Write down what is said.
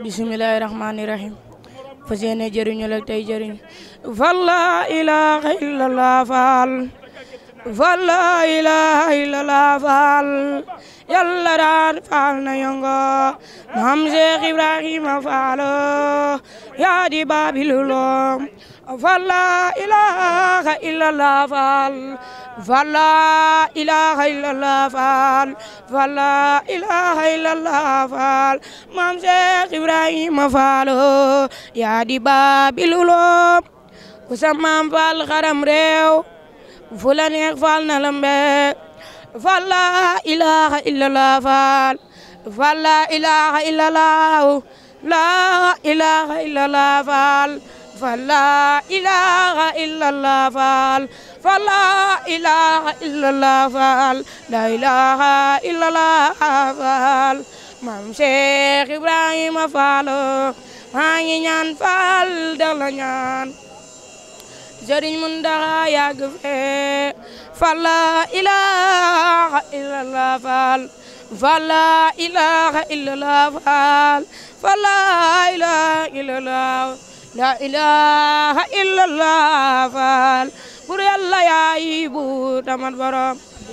bismillahi rahmaani rahim fas yéene jëriñu la tey jëriñu fa la ilaha illallah faal fal la ilaha illallah fal yàlla daan faal na yongo maam Cheikh Ibrahima faalo yaa di babilulom fal la ilaha illallah fal fal la ilaha illallah fal fal la ilaha illallah fal maam Cheikh Ibrahima faalo yaa di babilulom ku sa maam faal xaram réew fu la faal na lambe faal la ilaha illallah faal faal la ilaha illallah faal faal la ilaha illallah faal faal la ilaha illallah faal la ilaha illallah faal maam Cheikh Ibrahima faalo maa ngi ñaan faal dala ñaan Sëriñ Muntaxa yàgg fee fal laa ilaaha illallah fal fal ilaaha illallah fal fal ilaaha illallah laa ilaaha illallah fal bur Yàlla yaay buur tamat